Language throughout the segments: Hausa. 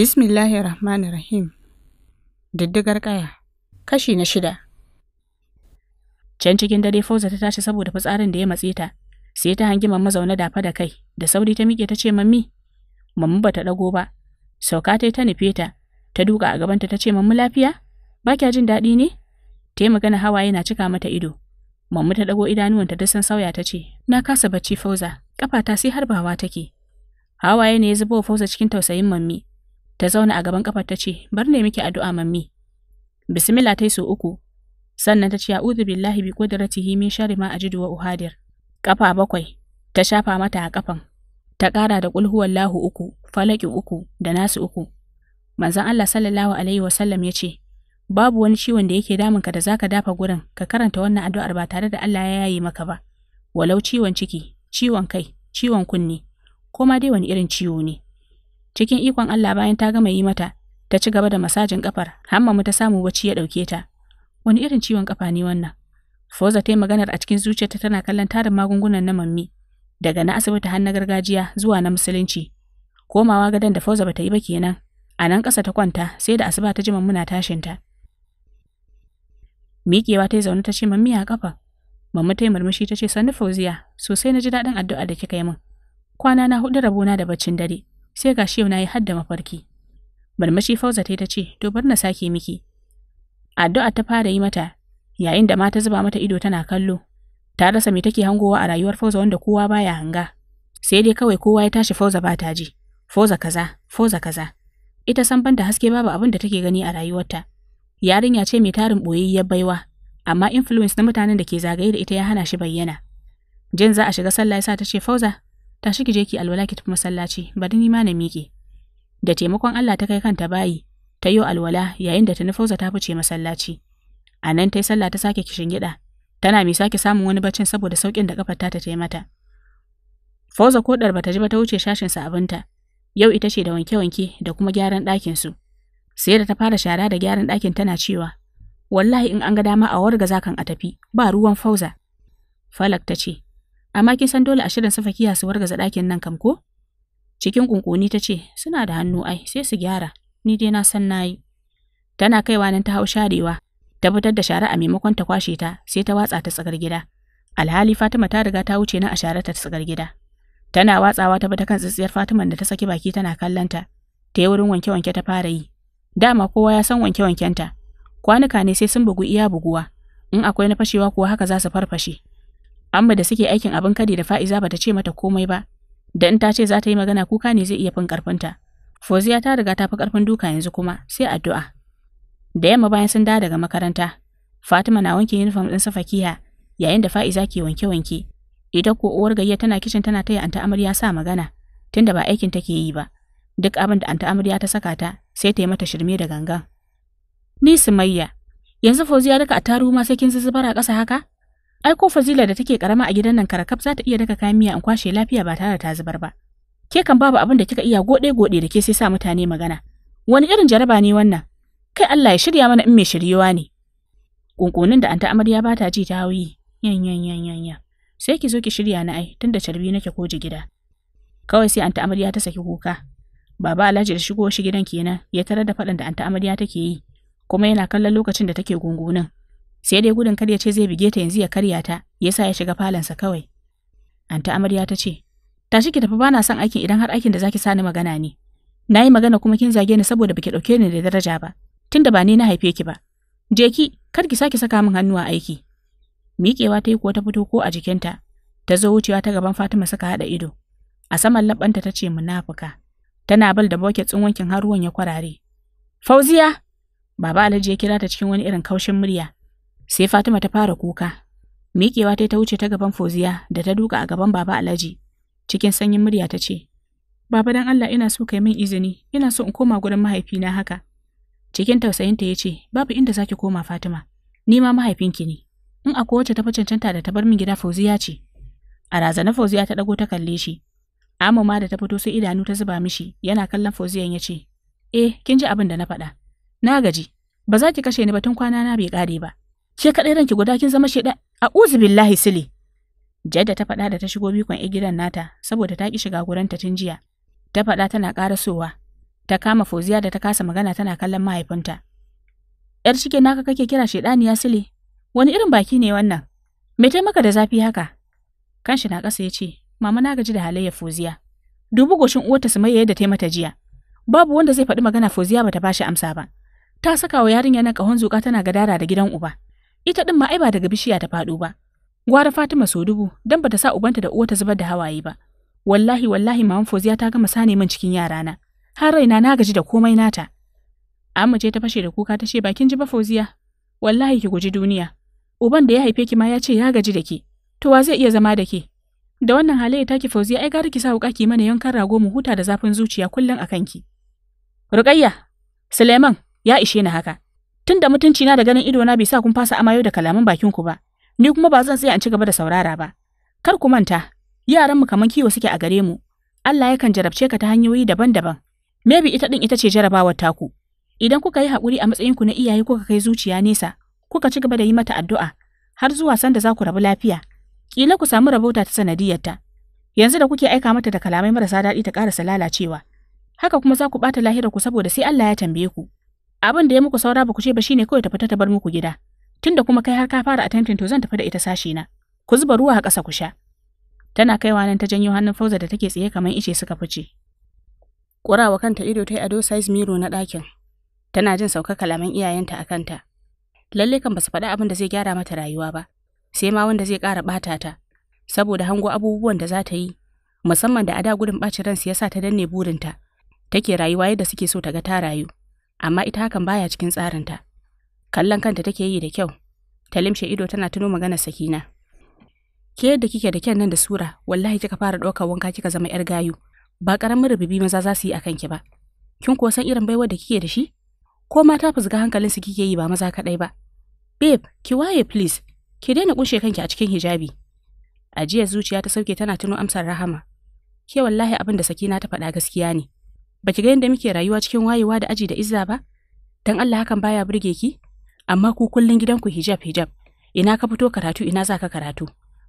Bismillahi Rahmanir Rahim Diddigar kaya. Kashi na shida Can cikin dare Fauza ta tashi saboda fitsarin da ya matse ta, sai ta hangi mamma zaune dafa da kai, da sauri ta miƙe ta ce mammi, mamma ba ta ɗago ba, sauka ta ta nufe ta, ta duka a gabanta ta ce mammi lafiya? Ba kya jin daɗi ne? Ta yi magana hawaye na cika mata ido. Mamma ta ɗago idanuwanta ta san sauya ta ce, na kasa bacci Fauza, ƙafata sai harbawa take. Hawaye ne ya zubo Fauza cikin tausayin mammi, Ta zauna a gaban kafar ta ce, "Bar ne miki addu'a mammi." Bismillah ta so uku. Sannan ta ce, "A'udhu billahi bi qudratihi min sharri ma ajidu wa uhadir." Kafa bakwai ta shafa mata a kafan. Ta ƙara da qul huwallahu uku, falakin uku da nasu uku. Manzon Allah sallallahu alaihi wasallam ya ce, "Babu wani ciwon da yake ka da zaka dafa gurin, ka karanta wannan addu'ar ba tare da Allah ya yayi maka ba." Walau ciwon ciki, ciwon kai, ciwon kunne, ko ma dai wani irin ciwo ne. Cikin ikon Allah bayan ta gama yi mata, ta ci gaba da masajin kafar, mu ta samu wacce ya ɗauke ta. Wani irin ciwon kafa ne wannan? Foza ta yi maganar a cikin zuciyarta tana kallon tarin magungunan na mammi, daga na asibiti har na gargajiya zuwa na musulunci. Komawa gadon da Foza bata yi ba kenan, a nan ƙasa ta kwanta sai da asuba ta ji mammuna ta Miƙewa ta yi zaune ta ce mammi a kafa. Mamma ta yi murmushi ta ce sannu Fauziya, sosai na ji daɗin addu'a da kika yi min. Kwana na hudu rabona da baccin dare. sai gashi yau na yi hadda mafarki. Barmashi Fauza ta ta ce, To bar na sake miki. Addu'a ta fara yi mata, yayin da mata zuba mata ido tana kallo. Ta rasa me take hangowa a rayuwar Fauza wanda kowa baya hanga. Sai dai kawai kowa ya tashi Fauza ba ta ji. Fauza kaza, Fauza kaza. Ita san banda haske babu abin da take gani a rayuwarta. Yarinya ce mai tarin ya baiwa, amma influence na mutanen da ke zagaye da ita ya hana shi bayyana. Jin za a shiga sallah ya sa ta ce Fauza, tashi ki je ki alwala ki tafi masallaci bari ni ma na miƙe da taimakon Allah ta kai kanta bayi ta yi alwala yayin da ta nufauza ta fice masallaci a nan ta yi sallah ta sake gida. tana mai sake samun wani baccin saboda sauƙin da kafar ta ta mata fauza ko ɗar bata ji ba ta wuce shashinsa abinta yau ita ce da wanke-wanke da kuma gyaran ɗakin su sai da ta fara shara da gyaran ɗakin tana cewa wallahi in an ga dama a warga zakan a tafi ba ruwan fauza falak ta ce Amma kin san dole a shirin su fakiya su wargaza ɗakin nan kam ko? Cikin kunkuni ta ce, suna da hannu ai, sai su gyara, ni dai na san nayi. Tana kaiwa nan ta hau sharewa, ta fitar da shara a maimakon ta kwashe ta, sai ta watsa ta tsakar gida. Alhali Fatima ta riga ta wuce na a share ta tsakar gida. Tana watsawa ta fita kan tsitsiyar fatima da ta saki baki tana kallanta. Ta yi wurin wanke-wanke ta fara yi. Dama kowa ya san wanke wanken ta. Kwanuka ne sai sun bugu iya buguwa. In akwai na fashewa kuwa haka za su farfashe. Amma da suke aikin abin kadi da Fa'iza bata ce mata komai ba, da in ta ce za ta yi magana kuka ne zai iya fin ƙarfinta. Foziya ta riga ta fi karfin duka yanzu kuma sai addu'a. Da yamma bayan sun dawo daga makaranta, Fatima na wanke uniform ɗin fakiha yayin da Fa'iza ke wanke-wanke. Ita ko uwar gayya tana kicin tana taya anta amarya sa magana, tunda ba aikin take yi ba. Duk abin da anta amarya ta saka ta sai ta yi mata shirme da gangan. Ni Sumayya, yanzu Foziya duka a taru ma sai kin zubar a ƙasa haka? Ai ko Fazila da take karama a gidan nan karakaf za ta iya daka kayan miya in kwashe lafiya ba tare da ta zubar ba. Ke kan babu abin da kika iya gode gode da ke sai sa mutane magana. Wani irin jaraba ne wannan? Kai Allah ya shirya mana in mai shiryewa ne. Kunkunin da anta amarya ba ta ji ta hawi Yan yan yan yan yan. Sai ki zo ki shirya na ai tunda carbi nake ko gida. Kawai sai anta amarya ta saki kuka. Baba Alhaji da shigo shi gidan kenan ya tarar da faɗan da anta amarya take yi. kuma yana kallon lokacin da take gungunin sai dai gudun kar ya ce zai bige ta yanzu ya karya ta yasa ya shiga falansa kawai anta amarya ta ce tashi ki tafi bana son aikin idan har aikin da zaki sani magana ne na yi magana kuma kin zage ni saboda baki dauke ni da daraja ba tunda ba ni na haife ki ba je ki kar ki sake saka min hannu a aiki miƙewa ta yi ko ta fito ko a jikinta ta zo wucewa ta gaban Fatima suka haɗa ido a saman labanta ta ce munafuka tana bal da bucket tsin wankin har ya kwarare fauziya baba Alhaji ya kira ta cikin wani irin kaushin murya Sai Fatima ta fara kuka. Miƙewa ta ta wuce ta gaban Foziya da ta duka a gaban Baba Alhaji. Cikin sanyin murya ta ce, Baba dan Allah ina so kai min izini, ina so in koma gurin mahaifina haka. Cikin tausayinta ya ce, Babu inda zaki koma Fatima, ni ma mahaifinki ne. In akwai wacce ta fi cancanta da ta bar min gida foziya ce. A razana foziya ta dago ta kalle shi. Amma ma da ta fito sai idanu ta zuba mishi, yana kallon foziyan ya ce, Eh, kin ji abin da na faɗa. Na gaji, ba za ki kashe ni ba tun kwana na bai kare ba. Ke kaɗai ranki guda kin zama shaidan. A'udhu billahi sili. Jadda ta faɗa da ta shigo bikon a gidan nata saboda ta ki shiga gurinta tun jiya. Ta faɗa tana ƙarasowa. Ta kama foziya da ta kasa magana tana kallon mahaifinta. ‘Yar cike naka kake kira shaidaniya sile, wani irin baki ne wannan? Me taimaka da zafi haka? Kanshi na ƙasa ya ce, Mama na gaji da halayyar foziya. dubu goshin uwarta su mai yadda ta mata jiya. Babu wanda zai faɗi magana Fauziya bata bashi amsa ba. Ta saka wa yarinya na ƙahon zuƙa tana gadara da gidan uba. ita din ma ai ba daga bishiya ta faɗo ba gwara Fatima so dubu dan bata sa ubanta da uwa ta zubar da hawaye ba wallahi wallahi maman Fauziya ta gama sane min cikin yarana har raina na gaji da komai nata amma ce ta fashe da kuka ta ce bakin ji ba Fauziya wallahi ki guji duniya uban da ya haife ki ma ya ce ya gaji da ke to wa zai iya zama da ke da wannan halayya taki Fauziya ai gara ki sa wuka ki mana yankan rago mu huta da zafin zuciya kullun akan ki Rukayya Suleiman ya ishe ni haka tun da mutunci na da ganin ido na bai sa kun fasa amayo da kalaman bakin ku ba. Ni kuma ba zan tsaya in ci gaba da saurara ba. Kar ku manta, yaran mu kaman kiwo suke a gare mu. Allah ya kan jarabce ka ta hanyoyi daban-daban. Maybe ita din ita ce jarabawar taku. Idan kuka yi haƙuri a matsayin ku na iyaye kuka kai zuciya nesa, kuka ci gaba da yi mata addu'a har zuwa sanda za ku rabu lafiya. Kila ku samu rabauta ta sanadiyarta. Yanzu da kuke aika mata da kalamai marasa daɗi ta ƙarasa lalacewa. Haka kuma za ku ɓata lahirar ku saboda sai Allah ya tambaye ku. abin da ya muku saura ba ku ce ba shine kawai ta fita ta bar muku gida tunda kuma kai har ka fara attempting to zan tafi da ita sashi na ku zuba ruwa a ƙasa ku sha tana kaiwa nan ta janyo hannun Fauza da take tsaye kamar ice suka fice ƙurawa kanta ido ta yi ado size miro na ɗakin tana jin saukar kalaman iyayenta a kanta lalle kan ba su faɗi abin da zai gyara mata rayuwa ba sai ma wanda zai ƙara ɓata ta saboda hango abubuwan da za ta yi musamman da a da gudun ɓacin ransu ya sa ta danne burinta take rayuwa yadda suke so ta ga ta rayu amma ita hakan baya cikin tsarinta. Kallon kanta take yi da kyau, ta limshe ido tana tuno maganar sakina. Ke yadda kike da kyan nan da sura, wallahi kika fara ɗaukar wanka kika zama 'yar gayu, ba ƙaramin rububi maza za su yi a kanki ba. Kin kuwa san irin baiwar da kike da shi? Ko mata fusga hankalin su kike yi ba maza kaɗai ba. Babe, ki waye please, ki daina kunshe kanki a cikin hijabi. Ajiyar zuciya ta sauke tana tuno amsar Rahama. Ke wallahi abin da Sakina ta faɗa gaskiya ne. ba ki ga yadda muke rayuwa cikin wayewa da aji da izza ba dan Allah hakan baya burge ki amma ku kullun gidanku hijab hijab ina ka fito karatu ina za ka karatu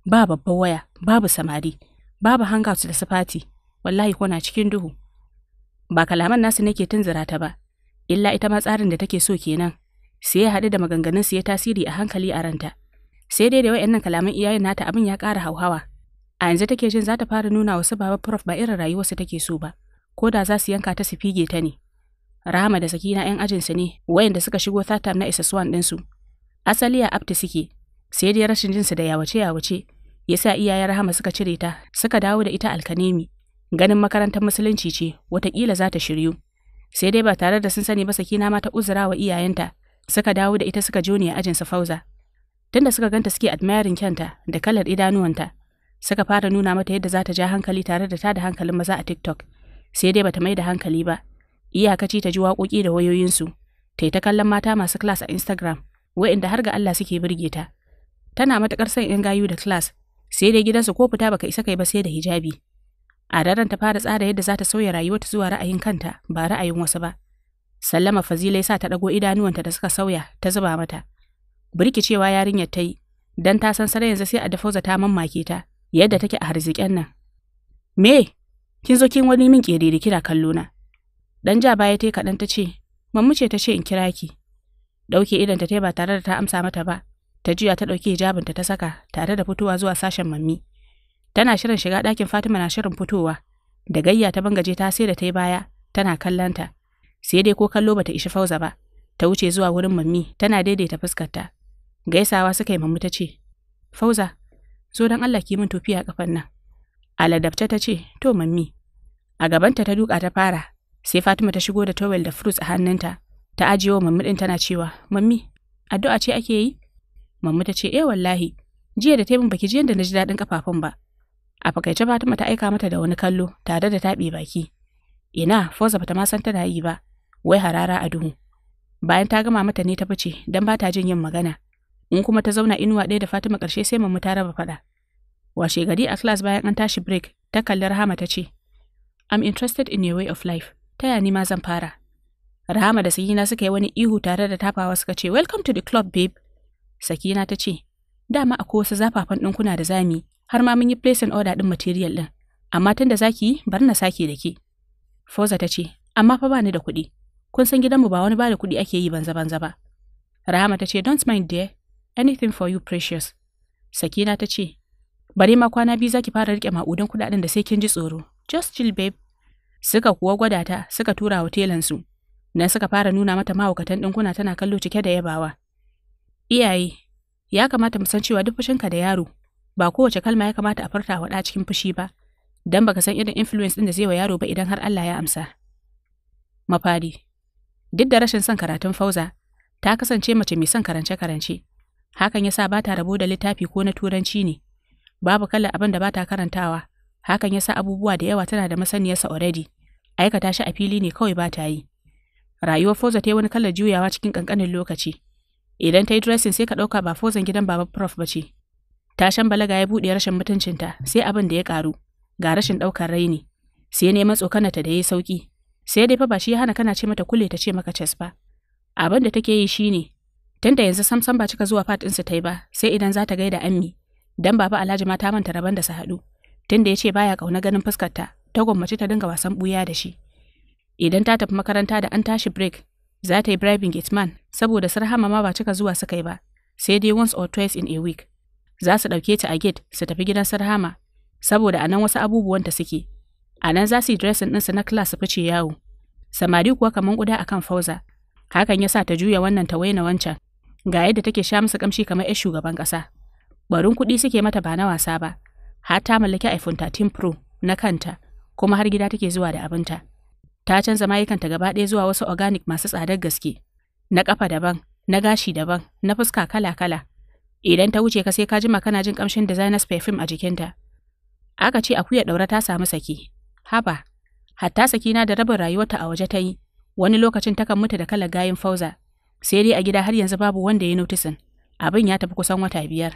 ba babban waya babu samari babu hangouts da sifati wallahi kona cikin duhu ba kalaman nasu nake tunzura ta ba illa ita ma tsarin da take so kenan sai ya haɗu da maganganun su ya tasiri a hankali a ranta sai dai da wayannan kalaman iyayen nata abin ya ƙara hauhawa a yanzu take jin za ta fara nuna wasu baba prof ba irin rayuwarsu take so ba ko da za su yanka ta su fige ta ne. Rahama da Sakina 'yan ajinsu ne wayanda suka shigo tatam na isassuwan ɗinsu. Asali a abta suke, sai dai rashin jinsu da yawace-yawace ya sa iyayen Rahama suka cire ta suka dawo da ita alkanemi. Ganin makarantar musulunci ce watakila za ta shiryu. Sai dai ba tare da sun sani ba Sakina ma ta uzura wa iyayenta suka dawo da ita suka jone a ajinsu Fauza. Tunda suka ganta suke admiring kyanta da kalar idanuwanta, suka fara nuna mata yadda za ta ja hankali tare da ta da hankalin maza a TikTok. sai dai bata mai da hankali ba iyakaci ta ji waƙoƙi da wayoyinsu ta ta kallon mata masu class a instagram wa'inda har ga Allah suke birge ta tana matuƙar son yan gayu da class sai dai gidansu ko fita baka isa kai ba sai da hijabi a daren ta fara tsara yadda za ta sauya rayuwarta zuwa ra'ayin kanta ba ra'ayin wasu ba sallama fazila sa ta ɗago idanuwanta da suka sauya ta zuba mata birkicewa yarinyar ta yi don ta san sarai yanzu sai a dafauza ta mamake ta yadda take a harziken nan me Kin zo kin wani min ƙerere kira kallo na. Dan ja baya tai kaɗan ta ce, Mammu ce ta ce in kira ki. Ɗauke idan ta tai ba tare da ta amsa mata ba, ta juya ta ɗauki hijabin ta ta saka tare da fitowa zuwa sashen mammi. Tana shirin shiga dakin Fatima na shirin fitowa, da gayya ta bangaje ta sai da ta yi baya, tana kallanta. Sai dai ko kallo bata ishi fauza ba, ta wuce zuwa wurin mammi tana daidaita fuskarta. Gaisawa suka yi mammi ta ce, Fauza, zo don Allah ki min tofi a kafan nan. Aladabta ta ce, To, mammi. A gabanta ta duka ta fara, sai Fatima ta shigo da towel da fruits a hannunta, ta ajiye wa mammi ɗin tana cewa, Mammi, addu'a ce ake yi? Mammi ta ce, Eh wallahi, jiya da tebin baki jiyan da na ji daɗin kafafun ba. A fakaice Fatima ta aika mata da wani kallo tare da taɓe baki. Ina, Foza bata ma san tana yi ba, wai harara a duhu. Bayan ta gama mata ne ta fice don ba ta jin yin magana. In kuma ta zauna inuwa ɗaya da Fatima ƙarshe sai mammu ta raba faɗa. Washe gari a class bayan an tashi break, ta kalli Rahama ta ce, I'm interested in your way of life, ta ya ma zan fara. Rahama da Sakina suka yi wani ihu tare da tafawa suka ce, Welcome to the club, babe. Sakina ta ce, Dama akwai wasu zafafan ɗinkuna da zami, har ma mun yi place and order ɗin material ɗin. Amma tun da zaki yi, bar na sake da ke. Foza ta ce, Amma fa ba ni da kuɗi. Kun san gidanmu ba wani ba da kuɗi ake yi banza-banza ba. Rahama ta ce, Don't mind dear, anything for you precious. Sakina ta ce, Bare ma kwana biyu zaki fara rike ma'udan kudaden da sai kin ji tsoro. Just chill babe. Suka kuwa gwada ta suka tura wa telan su. Nan suka fara nuna mata mahaukatan ɗinkuna tana kallo cike da yabawa. Iyaye, ya kamata mu san cewa duk ka da yaro ba kowace kalma ya kamata a farta wa cikin fushi ba, dan baka san irin influence ɗin da zai wa yaro ba idan har Allah ya amsa. Mafari, duk da rashin son karatun fauza, ta kasance mace mai son karance-karance, hakan ya sa ba ta rabo da littafi ko na turanci ne, babu kala abin da bata karantawa, hakan ya sa abubuwa da yawa tana da masaniyarsa already, aikata shi a fili ne kawai ba ta yi. Rayuwar Foza ta yi wani kalar juyawa cikin kankanin lokaci. Idan ta yi dressing sai ka ɗauka ba Fozan gidan Baba Prof ba ce. Tashan balaga ya buɗe rashin mutuncinta sai abin da ya ƙaru, ga rashin ɗaukar raini, sai neman ta da ya yi sauƙi, sai dai fa ba shi ya hana kana ce mata kulle ta ce maka cas ba. Abin da take yi shine, tunda yanzu samsam ba cika zuwa fat ɗinsu ta yi ba, sai idan za ta gaida ammi, dan baba Alhaji ma ta manta rabon da su haɗu tunda ya ce baya ƙauna ganin fuskarta ta gwammace ta dinga wasan buya da shi. Idan ta tafi makaranta da an tashi break za ta yi bribing man saboda sarhama ma ba cika zuwa suka yi ba sai dai once or twice in a week. Za su ɗauke ta a gate su tafi gidan sarhama saboda anan wasu abubuwan ta suke. Anan za su yi dressing ɗinsu na class su fice yawo. Samari kuwa kamar guda akan fauza. Hakan ya sa ta juya wannan ta waina wancan. Ga yadda take sha musu kamshi kamar 'yar shugaban ƙasa. barin kuɗi suke mata ba na wasa ba, har ta mallaki iPhone 13 Pro na kanta, kuma har gida take zuwa da abinta. Ta canza mayukanta gaba ɗaya zuwa wasu organic masu tsadar gaske, na ƙafa daban, na gashi daban, na fuska kala-kala. Idan ta wuce ka sai ka jima kana jin ƙamshin designers perfume a jikinta. Aka ce akuya ɗaura ta samu saki. Haba, hatta sakina da rabin rayuwarta a waje ta yi, wani lokacin takan mutu da kalar gayin fauza. Sai dai a gida har yanzu babu wanda ya notisin. Abin ya tafi kusan wata biyar.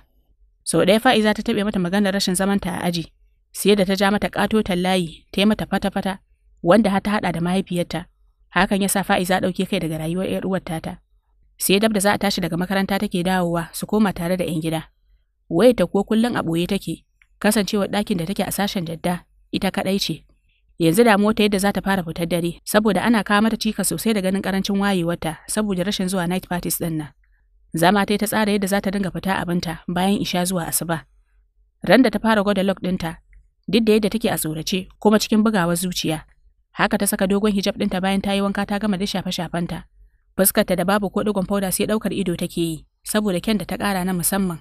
Sau ɗaya fa'iza ta taɓe mata maganar rashin zamanta a aji, sai da ta ja mata ƙatotan layi ta yi mata fata-fata, wanda ta haɗa da mahaifiyarta. Hakan ya sa fa'iza ɗauke kai daga rayuwar ‘yar uwar tata. Sai dab da za a tashi daga makaranta take dawowa su koma tare da ‘yan gida. ta ko kullum a ɓoye take, kasancewar ɗakin da take a sashen jadda ita kaɗai ce. Yanzu da mota yadda za ta fara fitar dare, saboda ana kawo mata cika sosai da ganin ƙarancin wayewarta saboda rashin zuwa night parties ɗin nan. Zama ta yi ta tsara yadda za ta dinga fita abinta bayan isha zuwa asuba. Randa ta fara gwada lock ɗinta, duk da yadda take a tsorace kuma cikin bugawar zuciya. Haka ta saka dogon hijab ɗinta bayan ta yi wanka ta gama da shafe-shafenta. Fuskarta da babu ko ɗigon fauda sai ɗaukar ido take yi, saboda kyan da ta ƙara na musamman.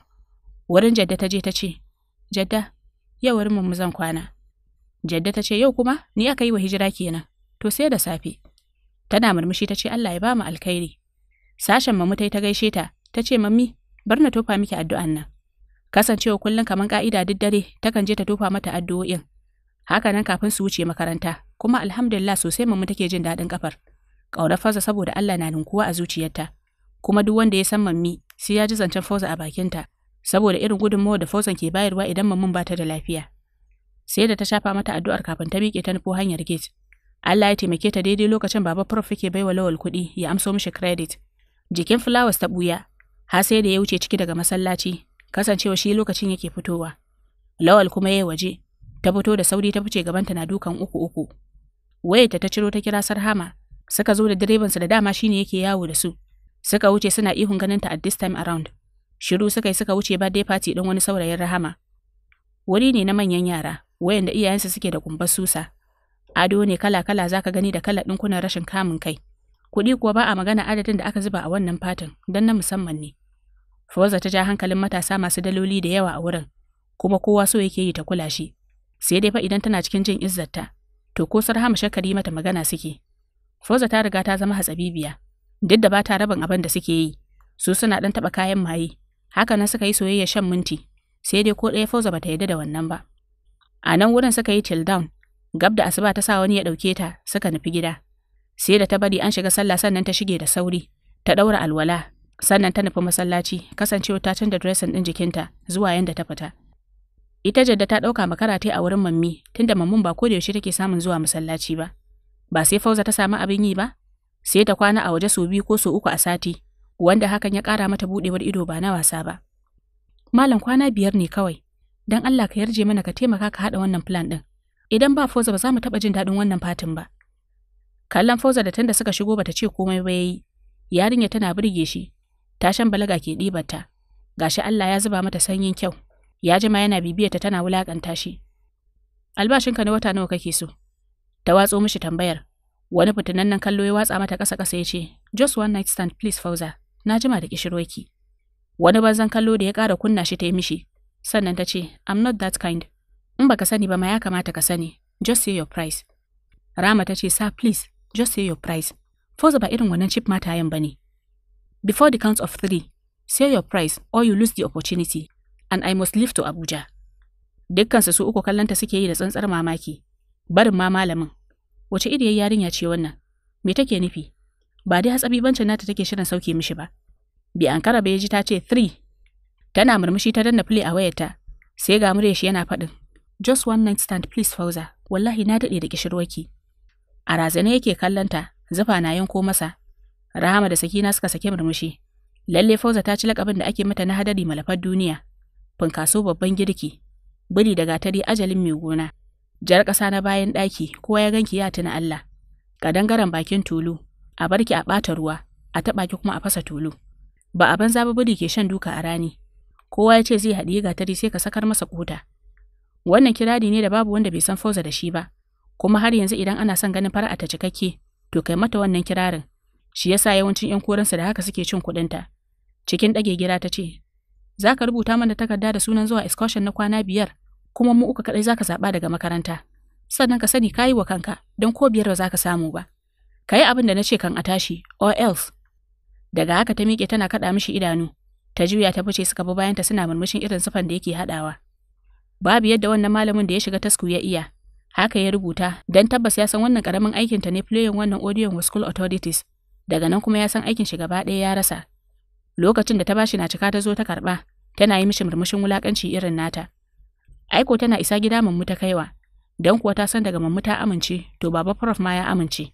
Wurin Jadda ta je ta ce, Jadda, yau wurin mu zan kwana. Jadda ta ce, yau kuma ni aka yi wa hijira kenan, to sai da safe. Tana murmushi ta ce Allah ya ba mu alkhairi. Sashen mamu ta gaishe ta, ta ce mami, bar na tofa miki addu'an nan kasancewa kullum kamar ka'ida duk dare takan je ta tofa mata addu'o'in haka nan kafin su wuce makaranta kuma alhamdulillah sosai mamu take jin daɗin kafar ƙaunar fasa saboda Allah na ninkuwa a zuciyarta kuma duk wanda ya san mami sai ya ji zancen fosa a bakinta saboda irin gudunmawar da fauzan ke bayarwa idan mamun ba ta da lafiya sai da ta shafa mata addu'ar kafin ta miƙe ta nufo hanyar gate Allah ya taimake ta daidai lokacin baba prof yake baiwa lawal kuɗi ya amso mishi credit jikin flowers ta buya har sai da ya wuce ciki daga masallaci kasancewa shi lokacin yake fitowa lawal kuma ya waje ta fito da sauri ta fice gabanta na dukan uku uku wayarta ta ciro ta kira sarhama suka zo da direbansa da dama shine yake yawo da su suka wuce suna ihun ganinta at this time around shiru suka yi suka wuce birthday party din wani saurayin rahama wuri ne na manyan yara wayanda iyayensa suke da kumbar susa ado ne kala kala zaka gani da kala kuna rashin kamun kai Kuɗi kuwa ba a magana adadin da aka zuba a wannan fatan don na musamman ne. Fawza ta ja hankalin matasa masu daloli da yawa a wurin, kuma kowa so yake yi ta kula shi. Sai dai fa idan tana cikin jin izzarta, to ko sarhama shakari mata magana suke. Fawza ta riga ta zama hatsabibiya, duk da ba ta rabin abin da suke yi, su suna ɗan taɓa kayan maye, haka nan suka yi soyayya shan minti, sai dai ko ɗaya Fawza bata yarda da wannan ba. A nan wurin suka yi till down, gab da asuba ta sa wani ya ɗauke ta suka nufi gida. sai da ta bari an shiga sallah sannan ta shige da sauri ta daura alwala sannan ta nufi masallaci kasancewa ta canza dressing din jikinta zuwa yanda ta fita ita jadda ta dauka makara a wurin mammi tunda mammun ba ko da yaushe take samun zuwa masallaci ba ba sai fauza ta samu abin yi ba sai ta kwana a waje sau biyu ko sau uku a sati wanda hakan ya kara mata budewar ido ba na wasa ba malam kwana biyar ne kawai dan Allah ka yarje mana ka taimaka ka haɗa wannan plan din Idan ba fauza ba za mu taɓa jin dadin wannan fatin ba. kallon fauza da tanda suka shigo bata ce komai ba yayi yarinya tana burge shi tashan balaga ke ɗibarta gashi Allah ya zuba mata sanyin kyau ya jima yana bibiyarta tana wulakanta shi albashinka ne wata nawa kake so ta watso mishi tambayar wani nan kallo ya watsa mata ƙasa ƙasa ya ce just one night stand please fauza na jima da kishirwaki wani banzan kallo da ya kara kunna shi ta yi mishi sannan ta ce i'm not that kind in baka sani ba ma ya kamata ka sani just say your price rama ta ce sir please just say your price. Fauza ba irin wannan cheap yin ba ne. Before the count of three, say your price or you lose the opportunity and I must leave to Abuja. Dukkansu su uku kallanta suke yi da tsantsar mamaki. Barin ma malamin. Wace ya yarinya ce wannan? Me take nufi? Ba dai hatsabibancin nata take shirin sauke mishi ba. Bi ankara bai ji ta ce three. Tana murmushi ta danna play a wayarta. Sai ga murya shi yana faɗin. Just one night stand please Fauza. Wallahi na daɗe da kishirwaki. A razane yake kallonta, zufa na yanko masa. Rahama da Sakina suka sake murmushi. Lalle Fauza ta ci lakabin da ake mata na hadari malafar duniya. Funkaso babban girki. Biri da gatari ajalin mai gona. Jar ƙasa na bayan ɗaki, kowa ya ganki ya tuna Allah. Kadangaren bakin tulu, a barki a ɓata ruwa, a taɓa ki kuma a fasa tulu. Ba a banza ba biri ke shan duka a rani. Kowa ya ce zai haɗiye gatari sai ka sakar masa kota. Wannan kirari ne da babu wanda bai san Fauza da shi ba. kuma har yanzu idan ana son ganin fara ta cikakke to kai mata wannan kirarin shi yasa yawancin yan korinsa da haka suke cin kuɗinta cikin ɗage gira ta ce za ka rubuta mana takarda da sunan zuwa excursion na kwana biyar kuma mu uku kaɗai za ka zaɓa daga makaranta sannan ka sani kayi wa kanka don ko biyar ba za ka samu ba ka yi abin da na ce kan a tashi or else daga haka ta miƙe tana kaɗa mishi idanu ta juya ta fice suka bi bayanta suna murmushin irin sufan da yake haɗawa babu yadda wannan malamin da ya shiga tasku ya iya Haka ya rubuta, don tabbas ya san wannan karamin aikin ta ne playing wannan odiyon wa school authorities, daga nan kuma ya san aikin shi gaba ɗaya ya rasa. Lokacin da ta bashi na cika ta zo ta karɓa, tana yi mishi murmushin wulakanci irin nata. Aiko tana isa gida mammu ta kaiwa, dan kuwa ta san daga mammu ta amince, to baba prof ma ya amince.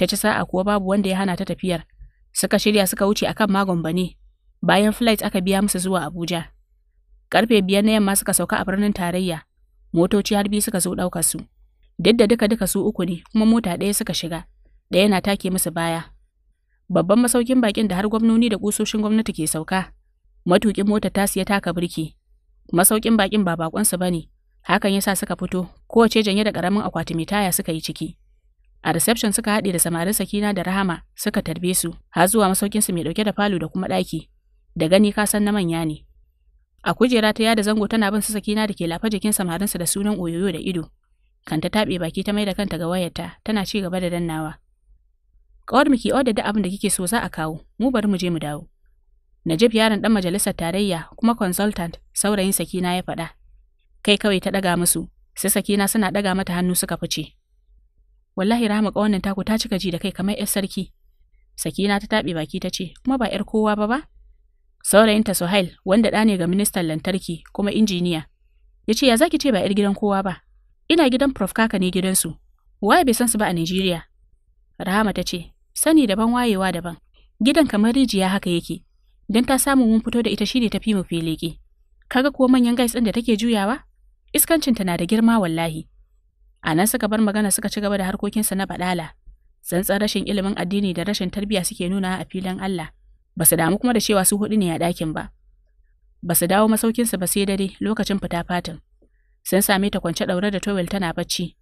Ta ci sa'a kuwa babu wanda ya hana ta tafiyar, suka shirya suka wuce akan magon bane, bayan flight aka biya musu zuwa Abuja. Karfe biyar na yamma suka sauka a birnin tarayya, motoci har biyu suka zo ɗauka su duk da duka duka su uku ne kuma mota ɗaya suka shiga ɗaya na take musu baya babban masaukin bakin da har gwamnoni da kusoshin gwamnati ke sauka matuƙin mota ta siya taka birki masaukin bakin ba bakon ba ne. hakan yasa suka fito kowace janye da karamin akwati mai taya suka yi ciki a reception suka haɗe da samarin sakina da rahama suka tarbe su har zuwa masaukin mai dauke da falo da kuma ɗaki da gani ka san na manya ne A kujera ta yada zango tana bin sasakina da ke lafa jikin samarinsa da sunan oyoyo da ido. Kanta taɓe baki ta mai da kanta ga wayarta, tana ci gaba da dannawa. Kawar miki order da abin da kike so za a kawo, mu bari mu je mu dawo. Najib yaron dan majalisar tarayya kuma consultant saurayin Sakina ya faɗa. Kai kawai ta ɗaga musu, sai Sakina suna ɗaga mata hannu suka fice. Wallahi Rahama ƙawannin taku ta cika ji da kai kamar 'yar sarki. Sakina ta taɓe baki ta ce, kuma ba 'yar kowa ba ba? Saurayinta Suhail, wanda ɗa ne ga ministan lantarki kuma injiniya, ya ce ya zaki ce ba 'yar gidan kowa ba, ina gidan Prof Kaka ne gidansu, waye bai san su ba a Najeriya. Rahama ta ce, sani daban wayewa daban, gidan kamar rijiya haka yake, don ta samu mun fito da ita shine tafi mu feleke. Kaga kuwa manyan gais ɗin da take juyawa? Iskancinta na da girma wallahi. A nan suka bar magana suka ci gaba da harkokinsa na baɗala. Tsantsan rashin ilimin addini da rashin tarbiyya suke nuna a filin Allah. ba su damu kuma da cewa su hudu ne a ɗakin ba. Ba su dawo su ba sai dare lokacin fita fatin. Sun same ta kwance ɗaure da towel tana bacci.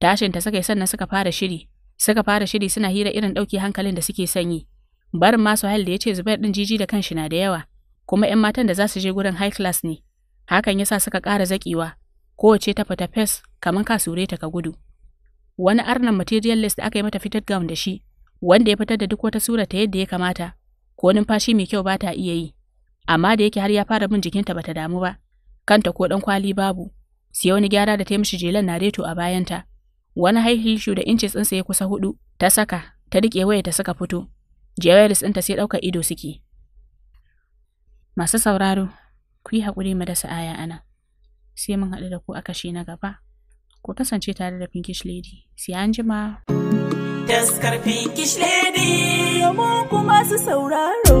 Tashin ta suka yi sannan suka fara shiri. Suka fara shiri suna hira irin ɗauki hankalin da suke sanyi. Barin masu hal da ya ce Zubair ɗin jiji da kanshi na da yawa. Kuma 'yan matan da za su je gurin high class ne. Hakan ya sa suka ƙara zaƙiwa. Kowace ta fita fes kamar ka sure ta ka gudu. Wani arnan materialist aka yi mata fitted gown da shi, wanda ya fitar da duk wata sura ta yadda ya kamata, ko numfashi mai kyau ba ta iya yi, amma da yake har ya fara bin jikinta bata damu ba, kanta ko dan kwali babu, sai wani gyara da ta yi mishi jelan na reto a bayanta. Wani high shu da inci tsinsa ya kusa hudu, ta saka, ta rike waya ta saka fito, jewelis ta sai ɗaukar ido suke. Masu sauraro, ku yi haƙuri mu dasa aya ana, sai mun haɗu da ku a kashi na gaba. Ku kasance tare da Pinkish Lady, sai an jima. Taskar Pinkish Lady. Mu kuma su sauraro.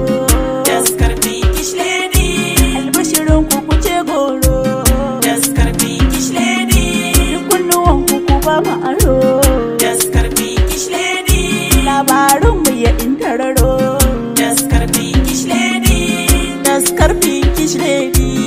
Taskar Pinkish Albashirin ku kuce goro. Taskar Pinkish Kunnuwan ku ku ba mu aro. Taskar Pinkish Lady. Labarin mu ya intararo. Taskar Pinkish Lady. Taskar